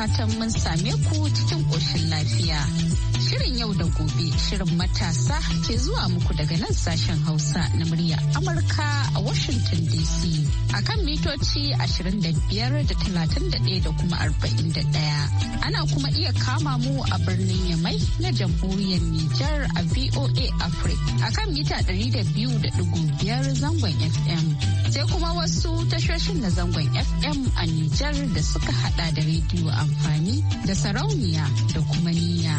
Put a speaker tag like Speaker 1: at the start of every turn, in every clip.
Speaker 1: fatan mun same ku cikin ƙoshin lafiya. Shirin yau da gobe shirin matasa ke zuwa muku daga nan sashen Hausa na murya Amurka a Washington DC akan mitoci 25 da da kuma 41. Ana kuma iya kama mu a birnin Yamai na jamhuriyar Nijar a VOA Africa akan mita 200.5 zangon FM. sai kuma wasu tashoshin na zangon FM a Nijar da suka hada da rediyo amfani da sarauniya da kuma niya.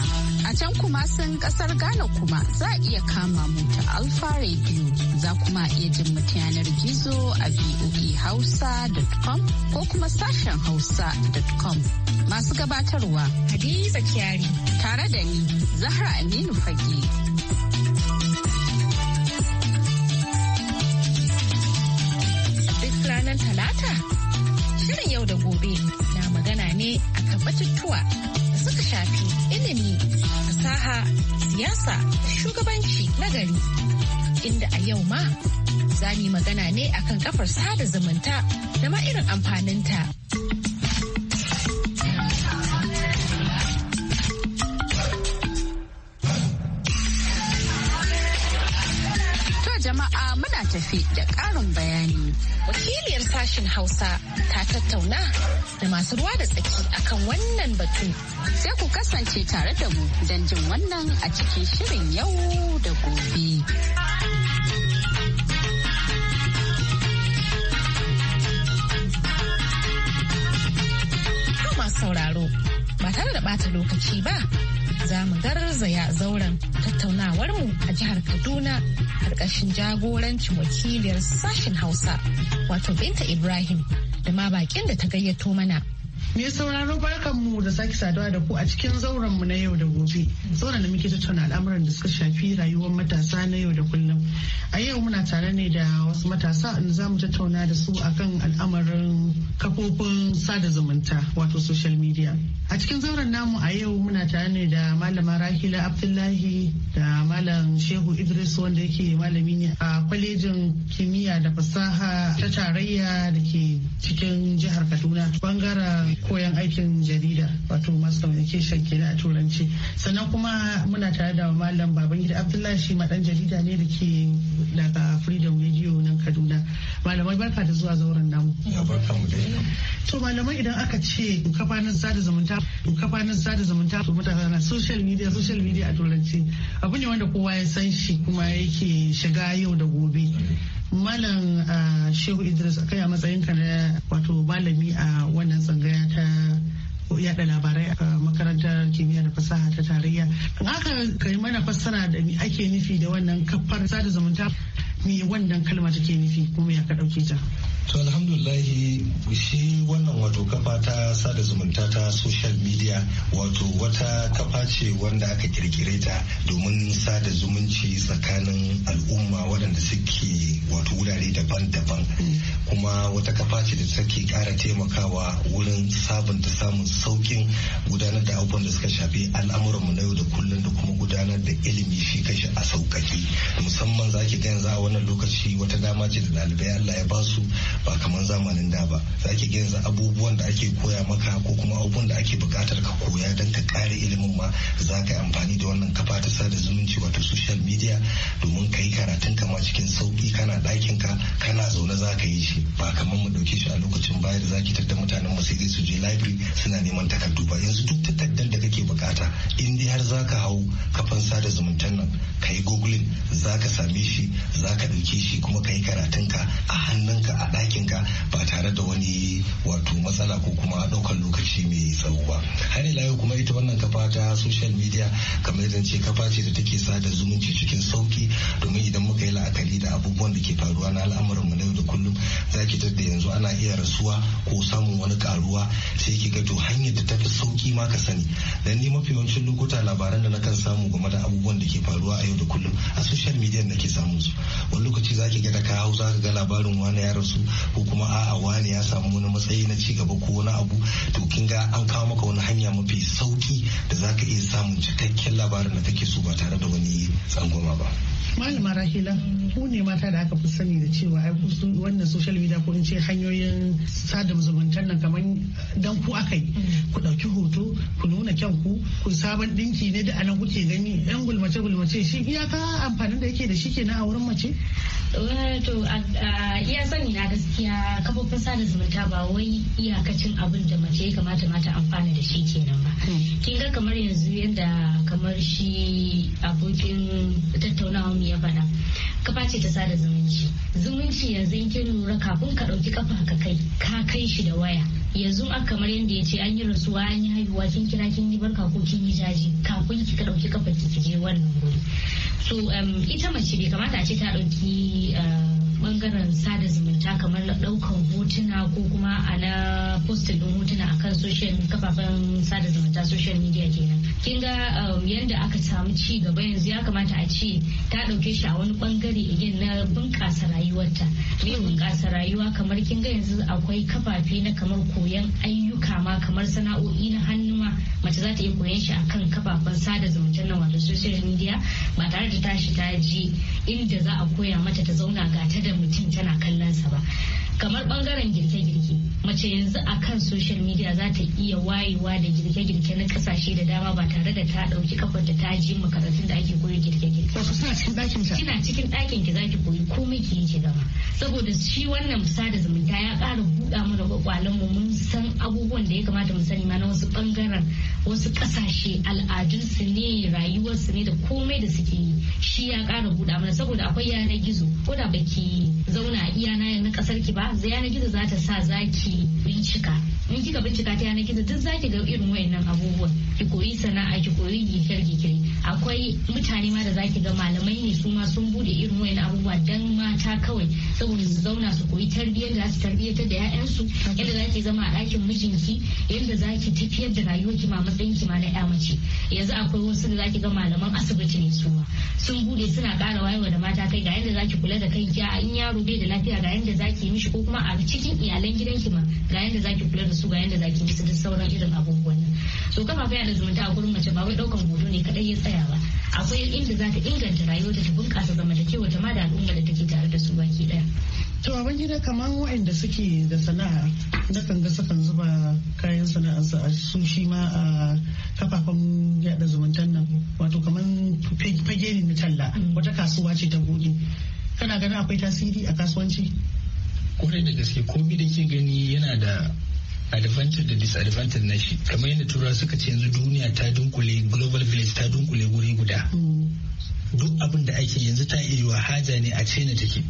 Speaker 1: A can kuma sun kasar Ghana kuma za a iya kama mu ta Alfa rediyo za kuma iya jin mu yanar gizo a voahausa.com ko kuma sashen hausa.com. Masu gabatarwa Hadiza Kyari tare da ni Zahra Aminu Fage. batutuwa da suka shafi ilimi, fasaha, siyasa da shugabanci na gari. Inda a yau ma za mu magana ne akan kafar sada zumunta da ma irin amfaninta. jama'a muna tafi da ƙarin bayani. sashen Hausa ta tattauna da masu ruwa da tsaki akan wannan batu. Sai ku kasance tare da mu don jin wannan a cikin shirin yau da gobe. sauraro ba tare da bata lokaci ba za mu garzaya zauren tattaunawarmu a jihar Kaduna karkashin jagorancin wakiliyar sashen hausa wato binta ibrahim da ma bakin da ta gayyato mana
Speaker 2: Me sauraro barkan mu da sake saduwa da ku a cikin zauren mu na yau da gobe. Zauren da muke tattauna al'amuran da suka shafi rayuwar matasa na yau da kullum. A yau muna tare ne da wasu matasa in za mu tattauna da su akan al'amarin kafofin sada zumunta wato social media. A cikin zauren namu a yau muna tare ne da malama Rahila Abdullahi da malam Shehu Idris wanda yake malami ne a kwalejin kimiyya da fasaha ta tarayya da ke cikin jihar Kaduna bangaren koyan aikin jarida wato mass communication kenan a turanci sannan kuma muna tare da malam babangida abdullahi shi ma dan jarida ne da ke daga freedom radio nan kaduna malamai barka da zuwa zauren namu to malamai idan aka ce kafanin sada zumunta kafanin sada zumunta to mutane social media social media a turanci abu ne wanda kowa ya san shi kuma yake shiga yau da gobe Malam ah, Shehu Idris kai a matsayin ka na wato malami a wannan tsangaya ta yada labarai a makarantar kimiyya da fasaha ta tarayya. Haka kai mana fassara da me ake nufi da wannan kafar sada zumunta me wannan kalma take nufi kuma ya ka dauke ta.
Speaker 3: To alhamdulillah shi wannan wato kafa ta sada zumunta ta social media wato wata kafa ce wanda aka kirkire ta domin sada zumunci tsakanin al'umma waɗanda suke wato wurare daban-daban kuma wata kafa ce da take kara taimakawa wurin sabunta samun saukin gudanar da abubuwan da suka shafi al'amuranmu na yau da kullum da kuma gudanar da ilimi shi kashi a sauƙaƙe musamman za ki ga yanzu a wannan lokaci wata dama ce da ɗalibai Allah ya basu ba kamar zamanin da ba za ki yanzu abubuwan da ake koya maka ko kuma abubuwan da ake bukatar ka koya don ka kare ilimin ma za ka yi amfani da wannan kafa ta sada zumunci wato social media domin ka yi karatun kama cikin sauki kana ɗakin ka kana zaune za ka yi shi ba kamar mu ɗauke shi a lokacin baya da za ki tattar mutanen mu sai su je library suna neman takardu ba yanzu duk takardar da kake bukata in dai har za ka hau kafan sada zumuntan nan ka yi googling za ka same shi za ka ɗauke shi kuma ka yi karatun ka a hannun ka a ka ba tare da wani wato matsala ko kuma ɗaukar lokaci tsawo ba har ila yau kuma ita wannan kafa ta social media kamar yadda ce kafa ce da take sada zumunci cikin sauki domin idan muka yi la'akari da abubuwan da ke faruwa na al'amuran mu na yau da kullum zaki tadda yanzu ana iya rasuwa ko samun wani karuwa sai ki ga to hanyar da tafi sauki ma ka sani dan ni mafi yawancin lokuta labaran da na kan samu game da abubuwan da ke faruwa a yau da kullum a social media nake samu su wani lokaci zaki ga da ka hau zaka ga labarin wani ya rasu ko kuma a'a wani ya samu wani matsayi na ci gaba ko wani abu to kin ga an kawo maka wani hanya mafi sauki da za ka iya samun cikakken labarin da take so ba tare da wani tsangwama ba.
Speaker 2: Malama Rahila, ku ne mata da aka fi sani da cewa ai ku wannan social media ko in ce hanyoyin sada zumuntar nan kamar dan ku akai Ku ɗauki hoto, ku nuna kyan ku, ku sabon ɗinki ne da anan kuke gani yan gulmace gulmace shi iyaka amfanin da yake da shi kenan a wurin mace? Eh,
Speaker 4: to iya sani na gaskiya sada zumunta ba wai iyakacin abin da mace ya kamata mata amfana da shi kenan ba hmm. kin ga kamar yanzu yadda kamar shi abokin tattaunawa mu ya faɗa kafa ce ta sada zumunci zumunci yanzu in kin lura kafin ka ɗauki kafa ka kai ka kai shi da waya yanzu a kamar yadda ya ce an yi rasuwa an yi haihuwa kin kira kin yi barka ko kin yi jaji kafin ki ka ɗauki kafa ki je wannan wuri so ita mace bai kamata a ce ta ɗauki eh, bangaren sada zumunta kamar daukan hotuna ko kuma a na din hotuna akan social kafafen sada zumunta social media kenan kin ga um, yadda aka samu ci gaba yanzu ya kamata a ce ta dauke shi a wani bangare igin na bunkasa rayuwarta me bunkasa rayuwa kamar kin ga yanzu akwai kafafe na kamar koyan ayyuka ma kamar sana'o'i na hannu ma mace za ta iya koyan shi akan kafafen sada zumunta na wato social media ba tare da tashi ta je inda za a koya mata ta zauna ga ta da mutum tana kallon sa ba kamar bangaren girke-girke mace yanzu a kan social media za ta iya wayewa da girke-girke na kasashe da dama ba tare da ta ɗauki kafar da ta ji makarantun da ake koyi girke-girke. Wasu suna cikin ɗakin ta? Kina cikin ɗakin ki zaki koyi komai ki yi ki gama. Saboda shi wannan sada zumunta ya ƙara buɗa mana kwakwalen mu mun san abubuwan da ya kamata mu sani ma na wasu ɓangaren wasu ƙasashe al'adunsu ne rayuwarsu ne da komai da suke yi shi ya ƙara buɗa mana saboda akwai yanar gizo ko da baki zauna iya na ƙasar ki ba yanar gizo za ta sa zaki ake bincika in kika bincika ta yanar gizo duk zaki ga irin wayannan abubuwan ki koyi sana'a ki koyi gishar girke akwai mutane ma da zaki ga malamai ne su ma sun bude irin wayannan abubuwa dan mata kawai saboda su zauna su koyi tarbiyyar da su tarbiyyatar da 'ya'yansu yadda zaki zama a ɗakin mijinki yadda zaki tafiyar da rayuwarki ma matsayin ki ma na 'ya mace yanzu akwai wasu da zaki ga malaman asibiti ne su ma sun bude suna ƙara wayewa da mata kai ga yadda zaki kula da kai kanki in yaro bai da lafiya ga yadda zaki mishi ko kuma a cikin iyalan gidanki ma ga yadda zaki kula da su ga yadda zaki musu da sauran irin abubuwan nan to kafafen yada zumunta a gurin mace ba wai daukan hoto ne kadai ya tsaya ba akwai inda za ta inganta rayuwarta ta bunƙasa zamantakewa ta ma da al'umma da take tare da su baki daya
Speaker 2: To a gida kamar waɗanda suke da sana'a na ga sukan zuba kayan sana'arsu a su shi ma a kafafen yada zumuntan nan wato kamar fage ne na talla mm. wata kasuwa ce ta buɗe kana ganin akwai tasiri a kasuwanci kwarai da gaske komi da ke gani yana da
Speaker 3: advantage da disadvantage na shi kamar yadda turawa suka ce yanzu duniya ta dunkule global village ta dunkule wuri guda duk abin da ake yanzu ta iya wa haja ne a china take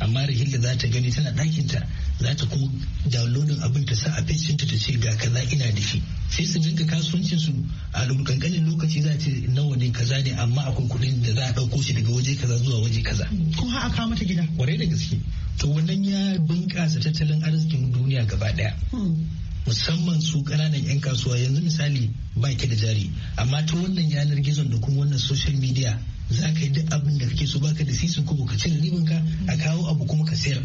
Speaker 3: amma rahila za ta gani tana ɗakinta za ta kuma downloadin abin ta sa a fesinta ta ce ga kaza ina da shi sai su jinka kasuwancin su a kankanin lokaci za ce nawa ne kaza ne amma akwai kuɗin da za a ɗauko shi daga waje kaza zuwa waje kaza.
Speaker 2: ko ha a kawo mata gida.
Speaker 3: kwarai da gaske to wannan ya bunkasa tattalin arzikin duniya gaba ɗaya. Hmm. musamman su kananan 'yan kasuwa yanzu misali ba ki da jari amma ta wannan yanar gizon da kuma wannan social media za ka yi duk abin da kake so baka da sisin kuma ka cire ribinka ka a kawo abu kuma ka sayar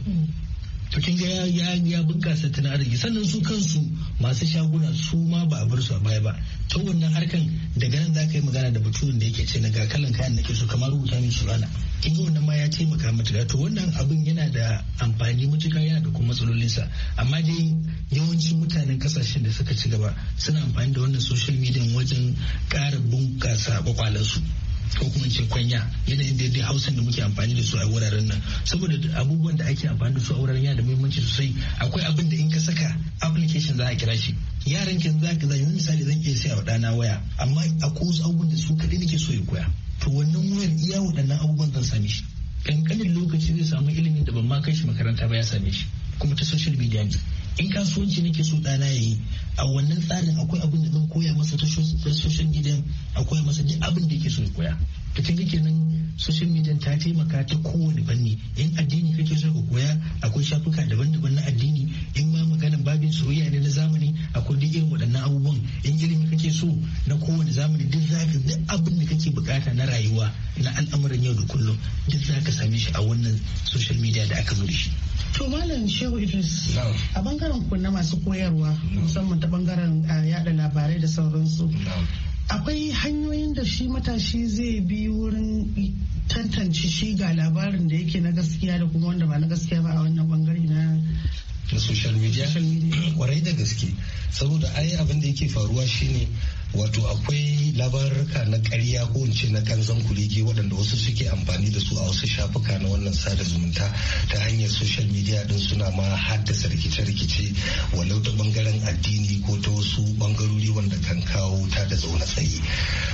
Speaker 3: to kin ga ya ya bunkasa tana arziki sannan su kansu masu shaguna su ma ba a bar su a baya ba to wannan harkan daga nan za ka yi magana da mutumin da yake ce na ga kalan kayan da ke so kamar rubuta min surana kin ga wannan ma ya taimaka matuka to wannan abin yana da amfani matuka yana da kuma matsalolin sa amma dai yawancin mutanen kasashen da suka ci gaba suna amfani da wannan social media wajen ƙara bunkasa kwakwalansu ko kuma ce kwanya yanayin daidai hausan da muke amfani da su a wuraren nan saboda abubuwan da ake amfani da su a wuraren yana da muhimmanci sosai akwai abin da in ka saka application za a kira shi yaran na za ka zai misali zan iya sai a ɗana waya amma ko wasu abubuwan da su kaɗai nake so ya koya to wannan wayar iya waɗannan abubuwan zan same shi kankanin lokaci zai samu ilimin da ban ma kai shi makaranta ba ya same shi kuma ta social media ne in kasuwanci nake so ɗana ya yi a wannan tsarin akwai abin da zan koya masa ta social media a masa duk abin da yake so ya koya Ka kin kenan social media ta taimaka ta kowane fanni in addini kake so ka koya akwai shafuka daban-daban na addini in ma maganan babin soyayya ne na zamani akwai duk irin waɗannan abubuwan in ilimi kake so na kowane zamani duk zaka duk abin da kake bukata na rayuwa na al'amuran yau da kullum duk zaka same shi a wannan social media da aka zo shi
Speaker 2: to malam shehu idris a bangaren ku na masu koyarwa musamman ta bangaren eh, yada labarai da sauransu akwai hanyoyin da shi matashi zai bi wurin tantance shi ga labarin da yake na gaskiya da kuma wanda ba na gaskiya ba a wannan bangare na
Speaker 3: social media kwarai da gaske saboda ai abin da yake faruwa shine wato akwai labaruka na karya ko in ce na kanzan kulege waɗanda wasu suke amfani da su a wasu shafuka na wannan sada zumunta ta hanyar social media din suna ma haddasa rikice-rikice walau ta bangaren addini ko ta wasu bangarori wanda kan kawo ta da zaune tsaye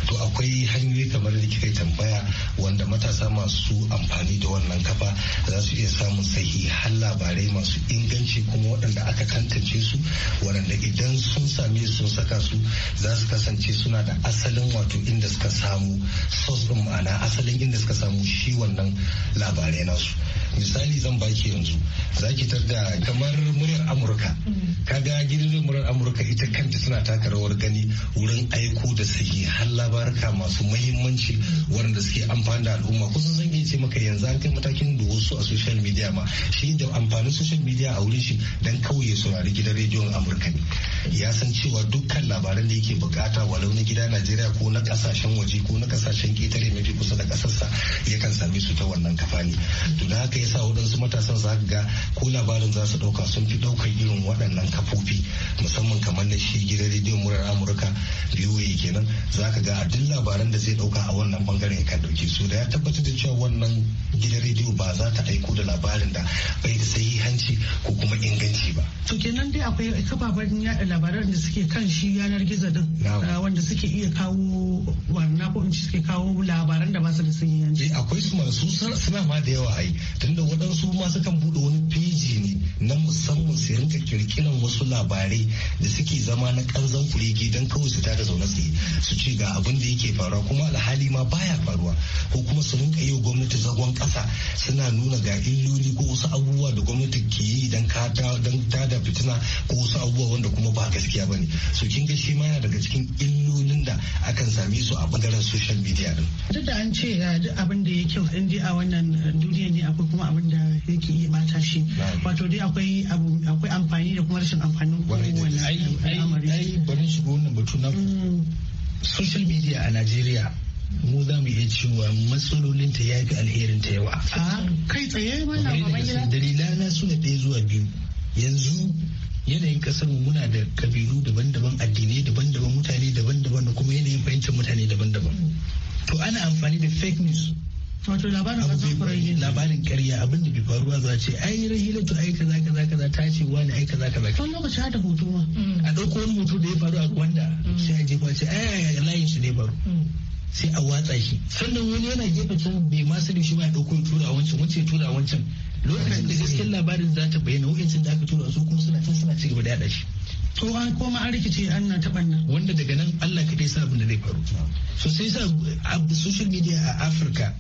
Speaker 3: to akwai hanyoyi kamar da kika tambaya wanda matasa masu amfani da wannan kafa za su iya samun sahihan labarai masu inganci kuma waɗanda aka tantance su waɗanda idan sun same sun saka su za su kasance suna da asalin wato inda suka samu source din ma'ana asalin inda suka samu shi wannan labarai nasu misali zan baki yanzu za ki da kamar muryar amurka mm. ga gidan muryar amurka ita kanta suna taka rawar gani wurin aiko da har labarka masu mahimmanci waɗanda suke amfani da al'umma kusan zan iya ce maka yanzu an kai matakin da wasu a social media ma shi da amfanin social media a wurin shi dan kauye saurari gidan rediyon amurka ne ya san cewa dukkan labaran da yake bukata wa na gida najeriya ko na kasashen waje ko na kasashen ketare mafi kusa da kasarsa yakan same su ta wannan kafa ne to da haka sa waɗansu matasan za ga ko labarin za su ɗauka sun fi ɗaukar irin waɗannan kafofi musamman kamar na shi gidan rediyon murar amurka biyoyi kenan za ka ga duk labaran da zai ɗauka a wannan bangaren kan ɗauke su da ya tabbatar da cewa wannan gidan rediyo ba za ta aiko da labarin da bai da sahihanci ko kuma inganci ba.
Speaker 2: to kenan dai akwai kababar yaɗa labaran da suke kan shi yanar gizo din ah, wanda suke iya kawo wannan ko in suke
Speaker 1: kawo labaran da ba su da yanci. Eh, akwai su masu suna ma da yawa ai tunda waɗansu
Speaker 3: ma sukan buɗe wani peji ne na musamman su yanka kirkiran wasu labarai da suke zama na kanzan kurege don kawai su tada zaune su su ce ga abin da yake faruwa kuma alhali ma baya faruwa ko kuma su rinka yi gwamnati zagon ƙasa suna nuna ga illoli ko wasu abubuwa da gwamnati ke yi don ta da fitina ko wasu abubuwa wanda kuma ba ba gaskiya bane so kin ga shi ma yana daga cikin illolin da akan sami su a bangaren social media din
Speaker 2: duk da an ce abin da ya kyau in dai a wannan eh, duniya ne akwai kuma abin da yake iya mata shi wato dai akwai abu akwai amfani da kuma rashin amfanin kowanne
Speaker 3: al'amari ai bari shigo wannan batu na mm. social media a Najeriya mu za mu iya cewa matsalolinta ya fi alherinta yawa. Ah,
Speaker 2: kai tsaye mana babangida?
Speaker 3: Dalilana suna ɗaya zuwa biyu. Yanzu yanayin kasar mu muna da kabilu daban-daban addinai daban-daban mutane daban-daban da kuma yanayin fahimtar mutane daban-daban to ana amfani da fake news wato labarin karya labarin karya abin da bai faruwa za ce ai rahila to ai kaza kaza kaza ta ce wani ai kaza kaza
Speaker 2: wani lokaci da hoto ma mm. a
Speaker 3: dauko wani hoto da ya faru a wanda mm. sai a jefa ce ai layin shi ne faru mm. sai a watsa shi sannan wani yana jefa can bai ma sani shi ma ya dauko tura wancan wancan tura wancan lokacin da gaskiyar labarin za ta bayyana wa'in da aka tura su kuma suna can suna gaba da yada shi to an koma an rikice an na taɓa nan wanda daga nan Allah kadai sa abin da zai faru so sai sa social media a Afirka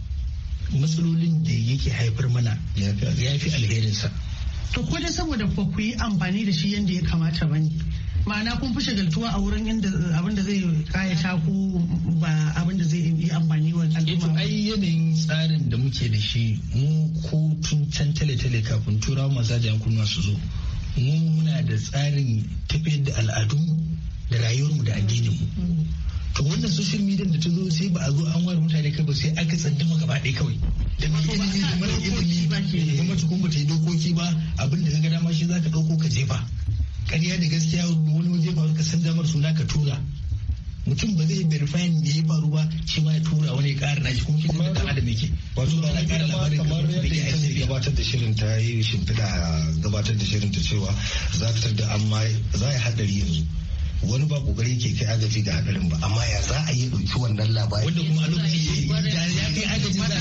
Speaker 3: matsalolin da yake haifar mana ya fi alherinsa
Speaker 2: to ko dai saboda ba ku yi amfani da shi yadda ya kamata ba ne ma'ana kun fi shagaltuwa a wurin inda eh, abin da zai kayata ko ba abin da zai yi amfani wa al'umma eh ai yanayin
Speaker 3: tsarin da muke da shi mu ko tun can tale-tale kafin turawa masu ajiyar kunwa su zo mu muna da tsarin tafiyar da al'adun da rayuwarmu da addininmu to wannan social media da ta zo sai ba a zo an ware mutane kai ba sai aka tsaddama gaba ɗaya kawai da mai ilimi verifying me ya faru ba shi ma ya tura wani ya ƙara shi kuma kin da adam yake wato ba ƙara labarin kamar yadda ita ne gabatar da shirin ta yi shimfiɗa gabatar da shirin ta cewa za ta da amma za a haɗari yanzu wani ba kokari ke kai agaji ga hadarin ba amma ya za a yi dauki wannan labari wanda kuma a
Speaker 4: lokaci ya kai agaji za a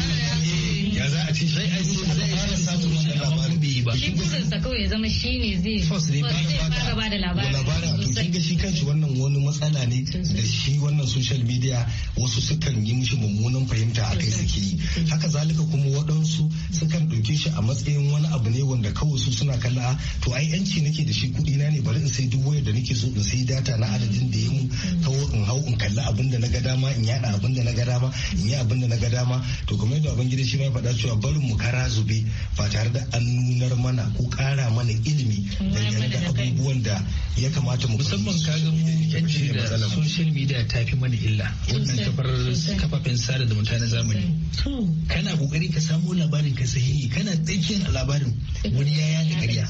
Speaker 3: ya za a ce sai a yi fara samun wannan shi. shi ba.
Speaker 4: Shi kawai ya zama shi ne zai fara ba da labarin. To
Speaker 3: kin ga shi kanshi wannan wani matsala ne da shi wannan social media wasu sukan yi mishi mummunan fahimta a kai suke yi. Haka zalika kuma waɗansu sukan ɗauke shi a matsayin wani abu ne wanda kawai su suna kalla to ai yanci nake da shi kuɗi na ne bari in sai duk wayar da nake so in sai data na adadin da ya mu kawai in hau in kalli abin da na ga dama in yada abin da na ga dama in yi abin da na ga dama to kamar yadda abin gida shi ma faɗa cewa barin mu kara zube ba tare da an nunar koyar mana ko kara mana ilimi dangane da abubuwan da ya kamata mu musamman kaga mu social media ta fi mana illa wannan kafar kafafen sada da mutane zamani kana kokari ka samu labarin ka sahihi kana tsakiyar labarin wani yaya da ƙarya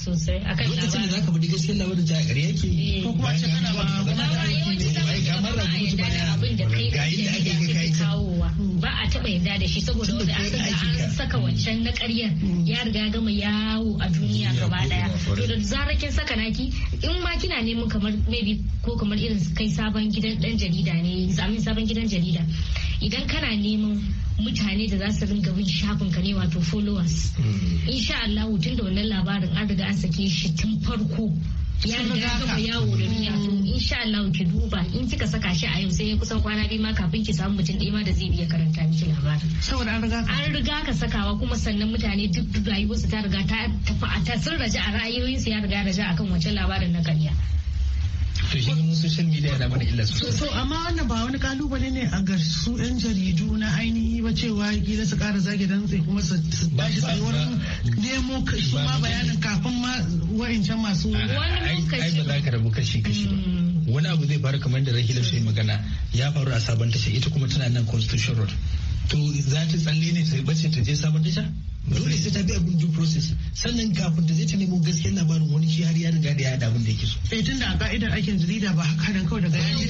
Speaker 3: lokacin da zaka bude gaskiyar labarin ta ƙarya ke eh, ko kuma ce
Speaker 4: kana ba kuma ba yawanci zaka ga mara ba abin da ga yadda ake kai kawowa ba a taba yarda da shi saboda wanda an saka wancan na ƙaryar mm. ya riga gama yawo a duniya gaba daya to da zarar kin saka naki in ma kina neman kamar maybe ko kamar irin kai sabon gidan dan jarida ne zamin sabon gidan jarida idan kana neman mutane da za su ringa bin shafin ka ne wato followers hmm. insha Allah tun da wannan labarin an riga an sake shi tun farko
Speaker 1: ya riga gama yawo da duniya to
Speaker 4: insha Allah ki duba in kika saka shi a yau sai ya kusan kwana biyu ma kafin ki samu mutum ɗaya ma da zai iya karanta miki labarin saboda an riga an riga ka sakawa kuma sannan mutane duk rayuwarsu ta riga ta tafi a ta sun raja a ra'ayoyinsu ya riga raja akan wancan labarin na ƙarya
Speaker 3: to shi mun social media mana illa sosai amma
Speaker 2: wannan ba wani kalubale ne a ga su yan jaridu na ainihi ba cewa gida su kara zage dan sai kuma su sai wani nemo kashi ma bayanin kafin ma wa'ancan masu wani
Speaker 3: ai rabu kashi kashi ba hmm. wani abu zai faru kamar da rahila sai magana ya faru a sabon tasha ita kuma tana nan constitution road to za ta tsalle ne ta bace ta je sabon tasha dole sai ta bi abin due process sannan kafin ta je ta nemo gaskiyar labarin wani shi har ya riga da ya da abin da yake so
Speaker 2: sai eh, tunda a ka'idar aikin jarida ba haka kawai daga ya ne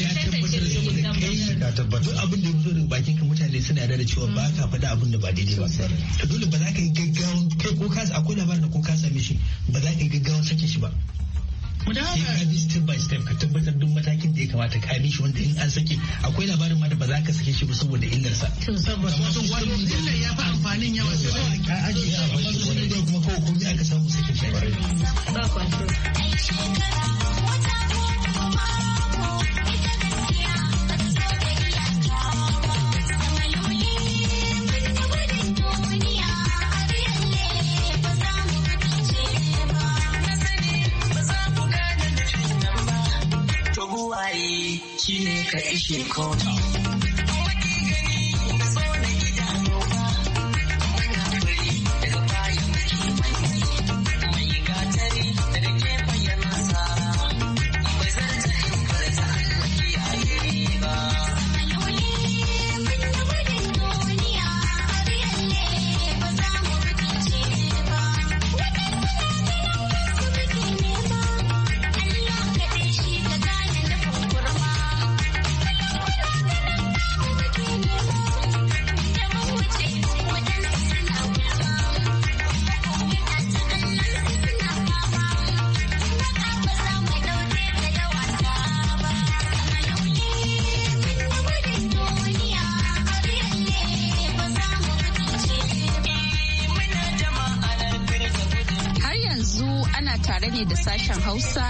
Speaker 2: ya tabbatar da kai
Speaker 3: ka tabbatar abin da ya zo daga bakin ka mutane suna yarda da cewa ba ka faɗa abin da ba daidai ba to dole ba za ka yi gaggawa kai ko ka akwai labarin da ko ka same shi ba za ka yi gaggawa sake shi ba sai ka bi step by step ka tabbatar duk matakin da ya kamata ka bi shi wanda in an sake akwai labarin ma da ba za ka sake shi ba saboda illarsa sa wato wato ya
Speaker 2: fi amfanin yawa sai ka ajiye
Speaker 3: a kuma aka samu sai shi ba
Speaker 1: ka ishe kota.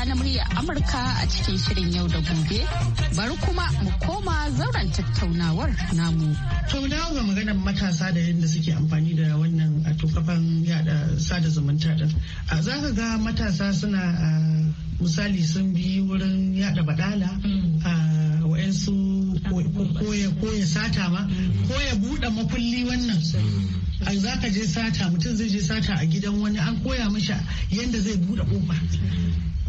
Speaker 1: na murya Amurka a cikin shirin yau da gobe. Bari kuma mu koma zauren tattaunawar namu. To ga maganar matasa da yadda suke amfani da wannan a tukafan
Speaker 2: yada sada zumunta din. Za ka ga matasa suna misali sun bi wurin yada badala mm. a wa'ansu ko ya sata ma mm. ko ya buɗe makulli wannan. Mm. ai za ka je sata mutum zai je sata a gidan wani an koya masa yadda zai buɗe kofa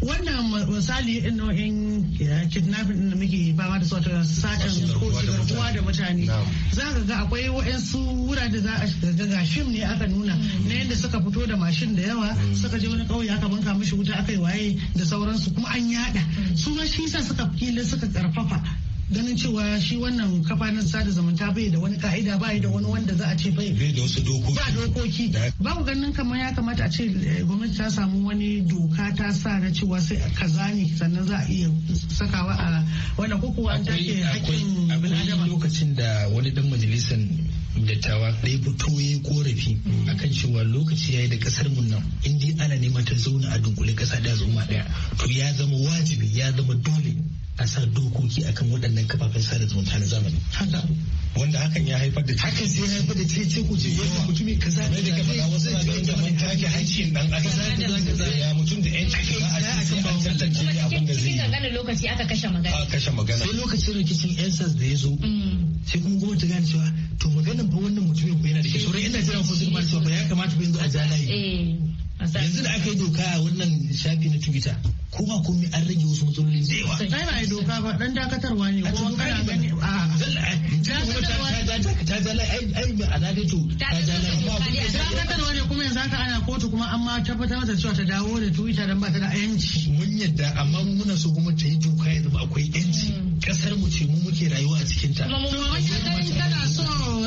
Speaker 2: wannan misali nau'in eh, kidnapping da muke ba ma da sautar satan ko da mutane za ka ga akwai waɗansu wurare da za a shiga ga shim ne aka nuna na yadda suka fito da mashin da yawa mm. suka je wani ƙauye aka banka mishi wuta aka yi waye da sauransu kuma an yada mm. su ma shi sa suka fili suka karfafa ganin cewa shi wannan kafa na sada zumunta bai da wani ka'ida bai da wani wanda za a ce bai da wasu dokoki ba dokoki ba ku ganin kamar ya kamata a ce eh, gwamnati ta samu wani doka ta sa na cewa sai kaza ne sannan za a iya sakawa a wannan ko an take hakkin bil'adama
Speaker 3: lokacin da wani dan majalisan dattawa ɗaya fito ya korafi akan cewa lokaci ya yi da kasar mun nan in ana neman ta zauna a dunkule kasa da zuma ɗaya to ya zama wajibi ya zama dole a sa dokoki akan waɗannan kafafen sada zumunta na zamani haka wanda hakan ya haifar da hakan sai ya haifar da cece ku ce yawa mutum ne kaza ne da kafa wasu na da kamar take haƙƙin dan adam kaza kaza ya mutum da yanci za a cikin ba an tantance ne
Speaker 4: abin da zai yi lokaci aka kashe magana
Speaker 3: aka kashe magana sai lokacin rikicin ensas da ya zo
Speaker 4: mm.
Speaker 3: sai kuma gwamnati gane cewa to maganan ba wannan mutumin ko yana da ke sauran ina jiran ko zai ba ya kamata ba yanzu a jalaye eh. yanzu da aka yi doka a wannan shafi na twitter ko ba komai
Speaker 2: an rage wasu matsaloli da yawa Sai ba yi doka ba dan dakatarwa ne ko kana gani a ta zala ai ba ana da to ta zala ba dakatarwa ne kuma yanzu haka ana kotu kuma an ma tabbatar da cewa ta dawo da twitter dan ba ta da yanci mun yadda
Speaker 3: amma muna so kuma ta yi doka yanzu akwai
Speaker 2: yanci hmm. kasar mu ce mu muke rayuwa a cikin ta. tana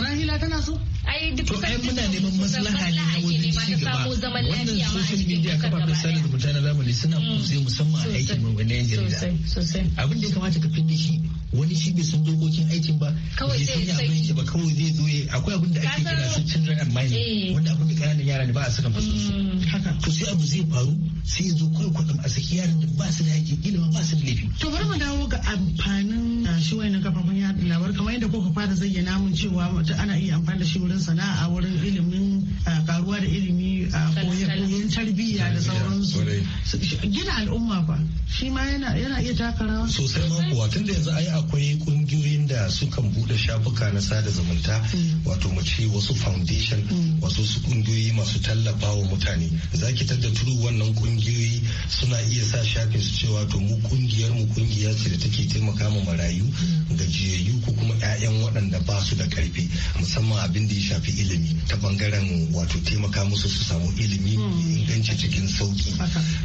Speaker 2: Rahila tana so. Ai duk to ai muna neman maslaha ne na wani
Speaker 4: ci gaba. Wannan social
Speaker 3: media kafafen sada zumunta na zamani suna kutse mm, musamman a aikin mu yan jarida. Abin da ya kamata ka fi shi wani shi bai san dokokin aikin ba kawai sai ya abin shi ba kawai zai zo akwai abin da ake kira su children and mining eh. wanda abin da kananan yara ne ba a saka musu su mm. haka to sai abu zai faru sai ya zo kawai kwatsam a saki yaran da ba su da
Speaker 2: yakin ilimin ba su da laifi to bari mu dawo ga amfanin ah, shi wayannan kafafen yada labar kamar yadda kuka fara zayyana mun cewa ana iya amfani da shi wurin sana'a wurin ilimin karuwa da ilimi koyon tarbiyya da sauransu gina al'umma ba shi ma yana iya taka rawa sosai ma
Speaker 3: kuwa tun da yanzu ai akwai kungiyoyin da sukan bude shafuka na sada zumunta mm. wato mu ce wasu foundation mm. wasu su kungiyoyi masu tallafa wa mutane zaki tadda turu wannan kungiyoyi suna iya sa shafin su cewa to mu kungiyar mu kungiya ce da take taimaka mu marayu mm. gajiyayyu ko kuma 'ya'yan waɗanda ba su da karfi musamman abin da ya shafi ilimi ta bangaren wato taimaka musu su samu ilimi hmm. inganci cikin sauki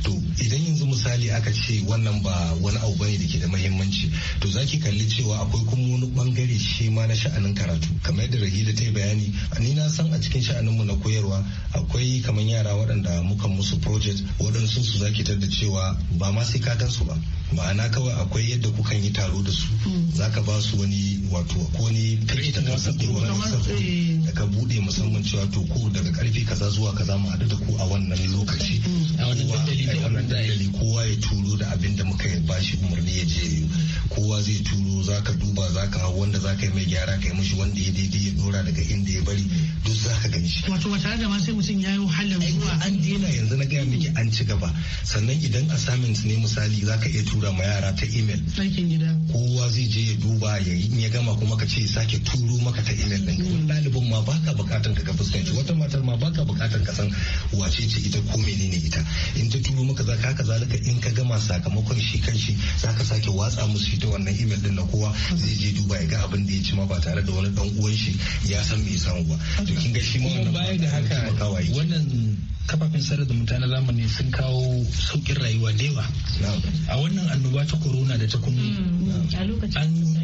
Speaker 3: to idan yanzu misali aka ce wannan ba wani abu bane da ke da mahimmanci to zaki kalli cewa akwai kuma wani bangare shi ma na sha'anin karatu kamar yadda rahila ta yi bayani ni na san a cikin mu na koyarwa akwai kamar yara waɗanda muka musu project waɗansu su zaki tar da cewa ba ma sai ka su ba ma'ana kawai akwai yadda kukan yi taro da su hmm. zaka ba su wani wato ko wani kai eh. da ka buɗe musamman cewa to ko da daga karfe kaza zuwa kaza mu haɗu da ku a wannan lokaci mm. a wannan dalili kowa ya turo da abin da muka bashi umarni ya je kowa zai turo zaka duba zaka hau wanda zaka yi mai gyara ka mishi wanda ya daidai ya dora daga inda ya bari duk za ka gani shi. Wato
Speaker 2: wata da ma sai mutum ya yi wahalar zuwa. An dena
Speaker 3: yanzu na gaya miki an ci gaba. Sannan idan assignment ne misali za ka iya tura ma yara ta email. Aikin gida. Kowa zai je ya duba ya ya gama kuma ka ce sake turo maka ta email ɗin. Wani ɗalibin ma baka bukatan ka fuskanci wata matar ma baka bukatan ka san wace ce ita ko menene ita. In ta turo maka za ka haka zalika in ka gama sakamakon shi kan shi za ka sake watsa musu ita wannan email ɗin na kowa zai je duba ya ga abin da ya ci ma ba tare da wani ɗan uwan shi ya san me samu ba. kin ga shi da
Speaker 2: haka wannan
Speaker 3: kafafen sada zumunta na zamani sun kawo saukin rayuwa da yawa a wannan annoba ta corona da ta kuma mm,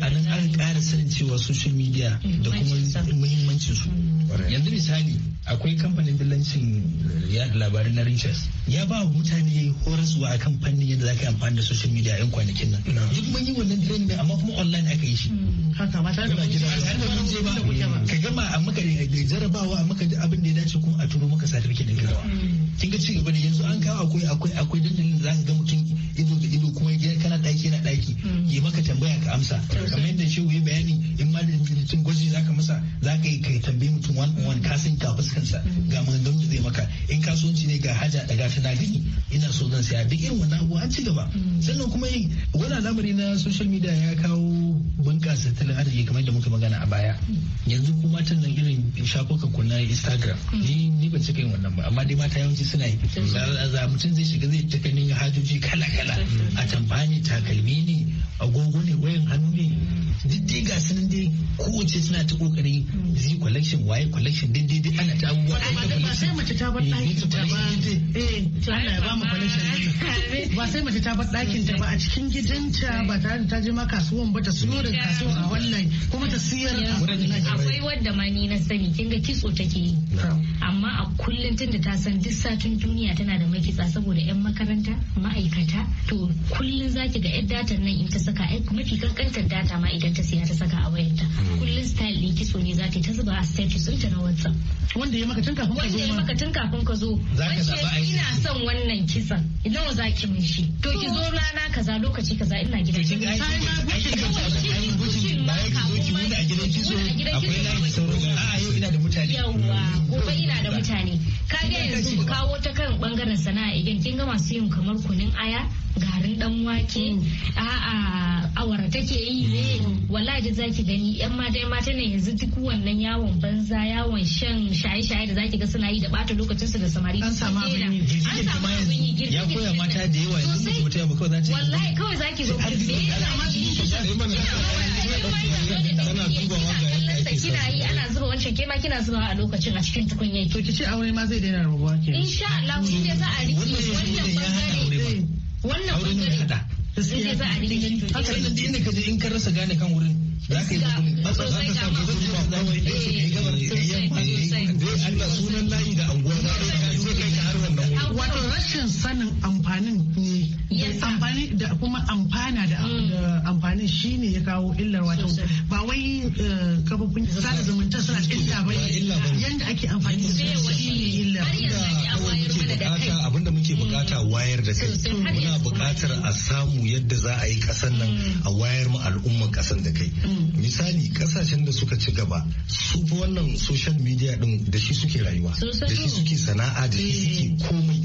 Speaker 3: nan an ƙara sanin cewa social media da kuma muhimmancin su mm. yanzu misali akwai kamfanin dillancin eh, yada labarai na Richards ya ba wa mutane horaswa a kan fannin yadda zaka yi amfani da social media yan kwanakin nan duk mun yi wannan training ne amma kuma online aka yi shi hmm. haka ba tare da ka gama a maka eh, jarabawa a maka abin da ya dace kuma a turo maka sadarki da gawa kin ga cigaba ne yanzu an kawo akwai akwai akwai dandalin da zaka ga mutum ido da ido kuma ya kana daki yana daki hmm. yi maka tambaya ka amsa kamar yadda shehu ya bayani in ma da mutum gwaji zaka masa zaka yi kai tambayi mutum wani wani ka san ka fuskansa hmm. ga maganganun da zai maka in kasuwanci ne ga haja daga ta gani ina so zan saya duk irin wannan abu an ci gaba hmm. sannan kuma yin wani al'amari na social media ya kawo bunƙasa tattalin arziki kamar yadda muka magana a baya yanzu kuma matan nan irin shafukan kunna na Instagram ni ni ban cika yin wannan ba amma dai mata yawanci suna yi a mutum zai shiga zai ta ganin hajoji kala kala a tamfani takalmi ne agogo ne wayan hannu ne diddi ga su nan dai kowace suna ta kokari zi collection waye collection din dai dai ana ta abubuwa ba sai mace ta bar eh, ɗakin ta ba
Speaker 2: eh Allah ba mu collection ba sai mace ta bar ɗakin ta ba a cikin gidanta ba tare da ta je ma kasuwan ba ta siyo da kasuwan a wannan kuma ta siyar akwai
Speaker 4: wadda ma ni na sani kin ga kitso take yi amma a kullum tunda ta san duk satin duniya tana da makitsa saboda yan makaranta ma'aikata to kullum zaki ga yan datan nan in ta saka ai mafi kankantar data ma idan ta siya ta saka a wayarta hmm. kullum style din kitso ne za ta ta zuba a status ɗinta na WhatsApp wanda ya maka tun kafin ka zo wanda ya maka tun kafin ka zo wace ina son wannan kitson nawa za ki min shi to ki zo rana kaza lokaci kaza ina gida kin ga ai gucin ba ya zo ki wanda a gidan kitso akwai layi sauran a'a yau ina da mutane yawa gobe hmm. ina da mutane ka ga yanzu kawo ta kan bangaren sana'a idan kin ga masu yin kamar kunun aya garin dan wake mm. a'a awara take yi ne mm. wallahi zaki gani yan mata yan mata ne yanzu duk wannan yawon banza yawon shan shaye-shaye da zaki ga suna yi da bata lokacin su da samari an samu abin
Speaker 2: yi girki ya koya mata da yawa yanzu su
Speaker 3: mutum ya bukau zaki
Speaker 2: wallahi kawai zaki zo ku
Speaker 3: duba
Speaker 4: kina yi ana zuba wancan ke ma kina zuba a lokacin a cikin tukunyar to ce aure ma zai daina rabuwa ke
Speaker 1: insha Allah ku ne za a riƙe wannan
Speaker 3: bangare wannan ta
Speaker 1: Gaskiya. za a dinga.
Speaker 3: inda ka je in ka rasa gane kan wurin za ka yi
Speaker 1: ba ka samu
Speaker 3: zuwa kawai da su kai gabar kai yamma dai Allah sunan layi da anguwa wato
Speaker 2: rashin sanin amfanin ne amfani da kuma amfana mm. da amfanin shine ya kawo illar wato ba wai eh, kafofin sada zumunta suna illa ba yanda ake amfani da su shine illa
Speaker 3: abinda muke bukata mm. wayar da kai muna bukatar a samu yadda za a yi kasan nan mm. a wayar mu al'umman kasan da kai misali kasashen da suka ci gaba su fa wannan social media din da shi suke rayuwa da shi suke sana'a da shi eh. suke komai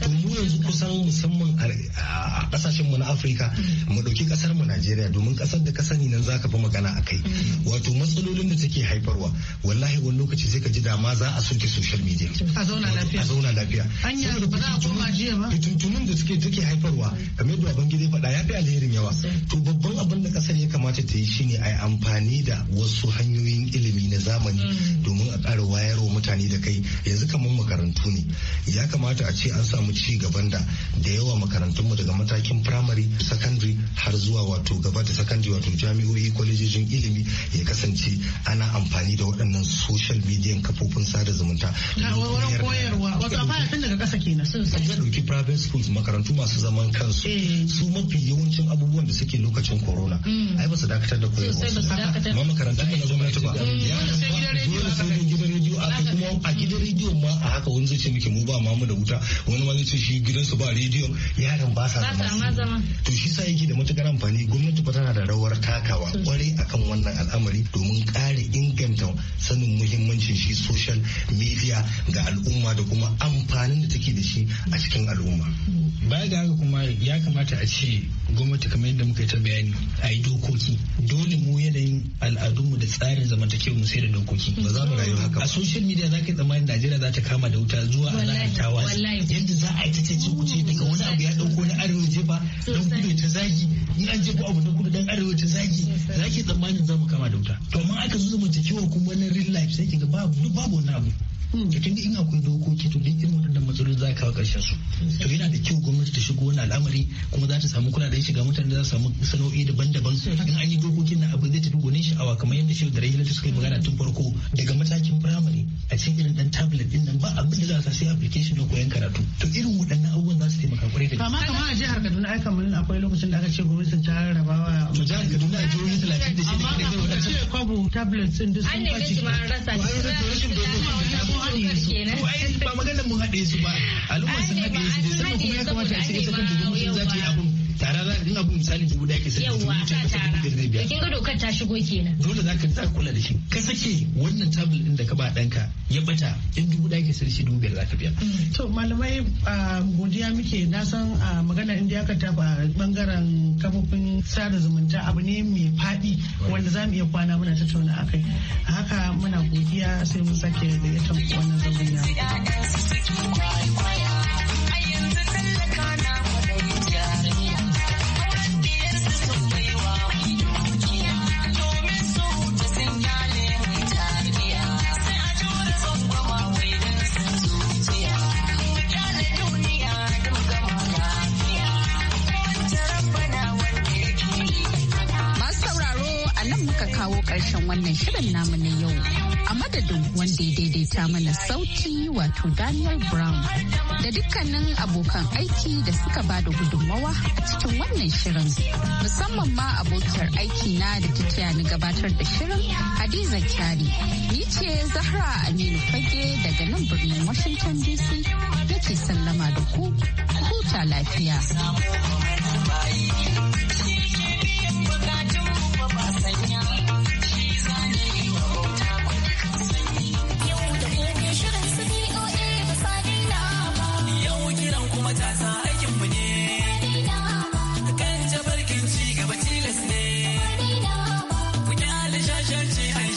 Speaker 3: to mu yanzu kusan musamman a kasashen mu na Afirka mu dauki kasar mu Najeriya domin kasar da ka sani nan zaka fi magana akai mm. wato matsalolin da take haifarwa wallahi wani lokaci sai ka ji dama za a soke social media a zauna lafiya a zauna lafiya anya ba za a koma jiya ba fitintunin da suke take haifarwa kamar yadda Babangida faɗa ya fi alherin yawa to babban abin da kasar ya kamata ta yi shine a yi amfani da wasu hanyoyin ilimi na zamani mm. domin a ƙara wayarwa mutane da kai yanzu kamar makarantu ne ya kamata a ce an samu ci gaban da da yawa makarantunmu daga matakin primary secondary har zuwa wato gaba da secondary wato jami'o'i kwalejojin ilimi ya kasance ana amfani da waɗannan social media kafofin sada zumunta. private makarantu masu zaman kansu eh. su mafi yawancin abubuwan da suke lokacin corona mm. ai ba su dakatar da koyarwa sai ba su dakatar ma makarantun ba na gwamnati ba wanda sai gidan rediyo sai da gidan rediyo a kuma a gidan rediyo ma a haka wani zai ce miki mu ba ma mu da wuta wani ma zai ce shi gidansu ba rediyo yaran Basa sa zama to shi yake da matukar amfani gwamnati ba tana da rawar takawa kwarai akan wannan al'amari domin kare inganta sanin muhimmancin shi social media ga al'umma da kuma amfanin da take da shi a cikin al'umma baya ga haka kuma ya kamata a ce gwamnati kamar yadda muka yi ta bayani a yi dokoki dole mu yanayin al'adunmu da tsarin zamantakewa mu sai da dokoki ba za mu rayu haka a social media za ka tsammanin najeriya za ta kama da wuta zuwa a la'antawa yadda za a yi ta cece ce daga wani abu ya dauko na arewa je ba don kudu ta zagi in an je ko abu na kudu dan arewa ta zagi za ki tsammanin za mu kama da wuta to amma aka zo zamantakewa kuma na real life sai ki ga babu babu wani abu da hmm. tun in akwai dokoki to duk irin waɗannan matsaloli za ka kawo ƙarshen su to yana da kyau gwamnati ta shigo wani al'amari kuma za ta samu da shi ga mutane za su samu sana'o'i daban-daban in an yi dokokin na abin zai tafi gonin sha'awa kamar yadda shi da rahilatu suka yi magana tun farko daga matakin firamare a cikin irin dan tablet din nan ba abin da za a sai
Speaker 2: application na koyon karatu to irin waɗannan abubuwan za su taimaka kwarai da kama kama a jihar Kaduna ai kamar akwai lokacin da aka ce sun ta rarraba wa to jihar Kaduna a jihohi 36 da kai da ce kwabo tablet din
Speaker 4: duk sun bace ko ai
Speaker 2: ba maganar mun
Speaker 3: haɗe su ba al'umma sun haɗe su da sannan kuma ya kamata a ce ita kanta gwamnatin za ta yi abin tara za ka dinga bin misali dubu daya ka sai yawa ta tara da kin ga
Speaker 4: dokar ta shigo kenan
Speaker 3: dole za ka za kula da shi ka sake wannan tabul din da ka ba danka ya bata in dubu daya ka sai shi dubu biyar za ka biya
Speaker 2: mm. to malamai godiya muke na san magana inda aka ba bangaren kafofin sada zumunta abu ne mai faɗi wanda za mu iya kwana muna tattauna akai haka muna godiya sai mu sake da ya wannan zaman na.
Speaker 1: adadin wanda ya daidaita mana sauti wato Daniel Brown da dukkanin abokan aiki da suka ba da gudunmawa a cikin wannan shirin musamman ma abokiyar aiki na da ta ni gabatar da shirin Hadiza Kyari. Ni ce Zahra Aminu Fage daga nan birnin Washington DC nake sallama da ku huta lafiya.